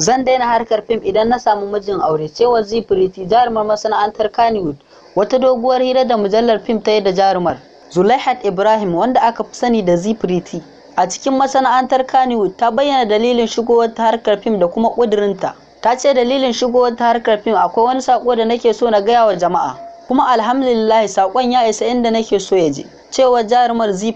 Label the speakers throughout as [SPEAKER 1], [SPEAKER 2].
[SPEAKER 1] Zan daina harkar fim idan na samu mijin aure cewar Zee jarumar masana'antar Kannywood wata doguwar hira da mujallar fim ta yi da jarumar. Zulaihat Ibrahim wanda aka fi sani da Zee a cikin masana'antar Kannywood ta bayyana dalilin shigowar ta harkar fim da kuma ƙudurinta. Ta ce dalilin shigowar ta harkar fim akwai wani saƙo da nake so na gaya wa jama'a. Kuma alhamdulillah saƙon ya isa inda nake so ya je. Cewa jarumar Zee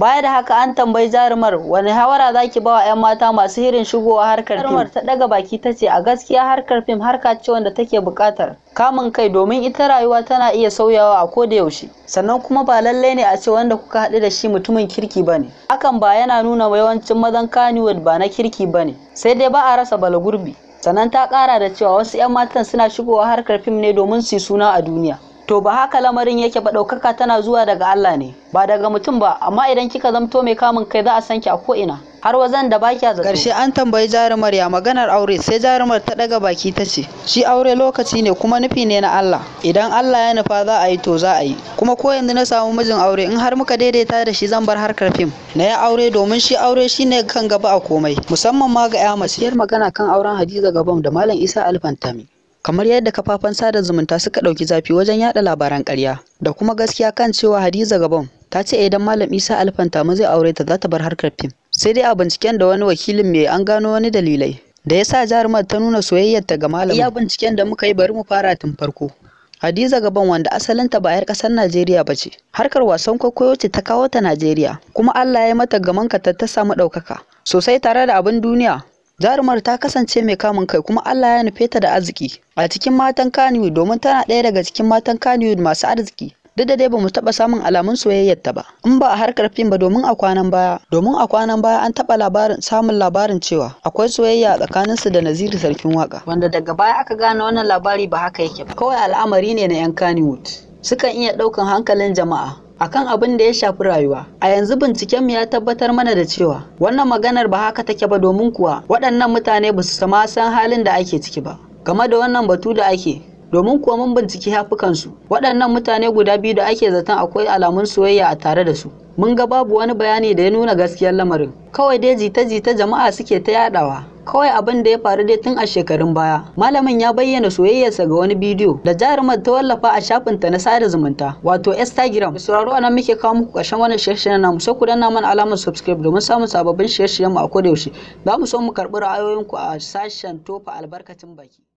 [SPEAKER 1] baya da haka an tambayi jarumar wani hawara zaki bawa 'yan mata masu hirin shigowa harkar fim ta daga baki ta ce a gaskiya harkar fim harka ce wanda take buƙatar kamun kai domin ita rayuwa tana iya sauyawa a ko da yaushe sannan kuma ba lallai ne a ce wanda kuka haɗu da shi mutumin kirki ba ne. hakan ba yana nuna yawancin mazan kaniwood ba na kirki ba ne. sai dai ba a rasa balagurbi sannan ta ƙara da cewa wasu 'yan matan suna shigowa harkar fim ne domin su yi suna a duniya to ba haka lamarin yake ba ɗaukaka tana zuwa daga Allah ne ba daga mutum ba amma idan kika zamto mai kamun kai za a san ki a ko ina har wazan da baki a zato karshe an tambayi jarumar ya maganar aure sai jarumar ta daga baki ta ce shi aure lokaci ne kuma nufi ne na Allah idan Allah ya nufa za a yi to za a yi kuma ko yanzu na samu mijin aure in har muka daidaita da shi zan bar harkar fim na ya aure domin shi aure shine kan gaba a komai musamman ma ga ya mace magana kan auren Hadiza Gabam da Malam Isa Alfantami kamar yadda kafafen sada zumunta suka ɗauki zafi wajen yada labaran ƙarya da kuma gaskiya kan cewa hadiza gabon ta ce idan malam isa alfanta mu zai aure ta za ta bar harkar fim sai dai a binciken da wani wakilin mai an gano wani dalilai da ya sa jarumar ta nuna soyayyarta ga malam iya binciken da muka yi bari mu fara tun farko Hadiza Gaban wanda asalinta ba 'yar ƙasar Najeriya ba ce, harkar wasan kwaikwayo ce ta kawo ta Najeriya, kuma Allah ya mata gaman ta samu ɗaukaka, sosai tare da abin duniya Jarumar ta kasance mai kamun kai kuma Allah ya nufe ta da arziki a cikin matan Kannywood domin tana ɗaya daga cikin matan Kannywood masu arziki. Duk da dai bamu taba samun alamun soyayyar ta ba, in ba a harkar fim ba domin a kwanan baya, domin a kwanan baya an taba labarin samun labarin cewa akwai soyayya tsakanin su da Naziru sarkin waka, wanda daga baya aka gane wannan labari ba haka yake ba. Kawai al'amari ne na 'yan Kannywood. Sukan iya ɗaukan hankalin jama'a akan abin da ya shafi rayuwa a yanzu binciken mu ya tabbatar mana da cewa wannan maganar ba haka take ba domin kuwa waɗannan mutane ba su sama san halin da ake ciki ba game da wannan batu da ake domin kuwa mun binciki hafukansu waɗannan mutane guda biyu da ake zaton akwai alamun soyayya a tare da su mun ga babu wani bayani da ya nuna gaskiyar lamarin kawai dai jita-jita jama'a suke ta yadawa kawai abin da ya faru dai tun a shekarun baya malamin ya bayyana soyayyarsa ga wani bidiyo da jarumar ta wallafa a shafinta na sada zumunta wato instagram da sauraro anan muke kawo muku ƙarshen wannan shirye-shiryen namu sai ku danna mana alamar subscribe domin samun sababbin shirye-shiryen mu a kodayaushe? za mu so mu karɓi ra'ayoyinku a sashen tofa albarkacin baki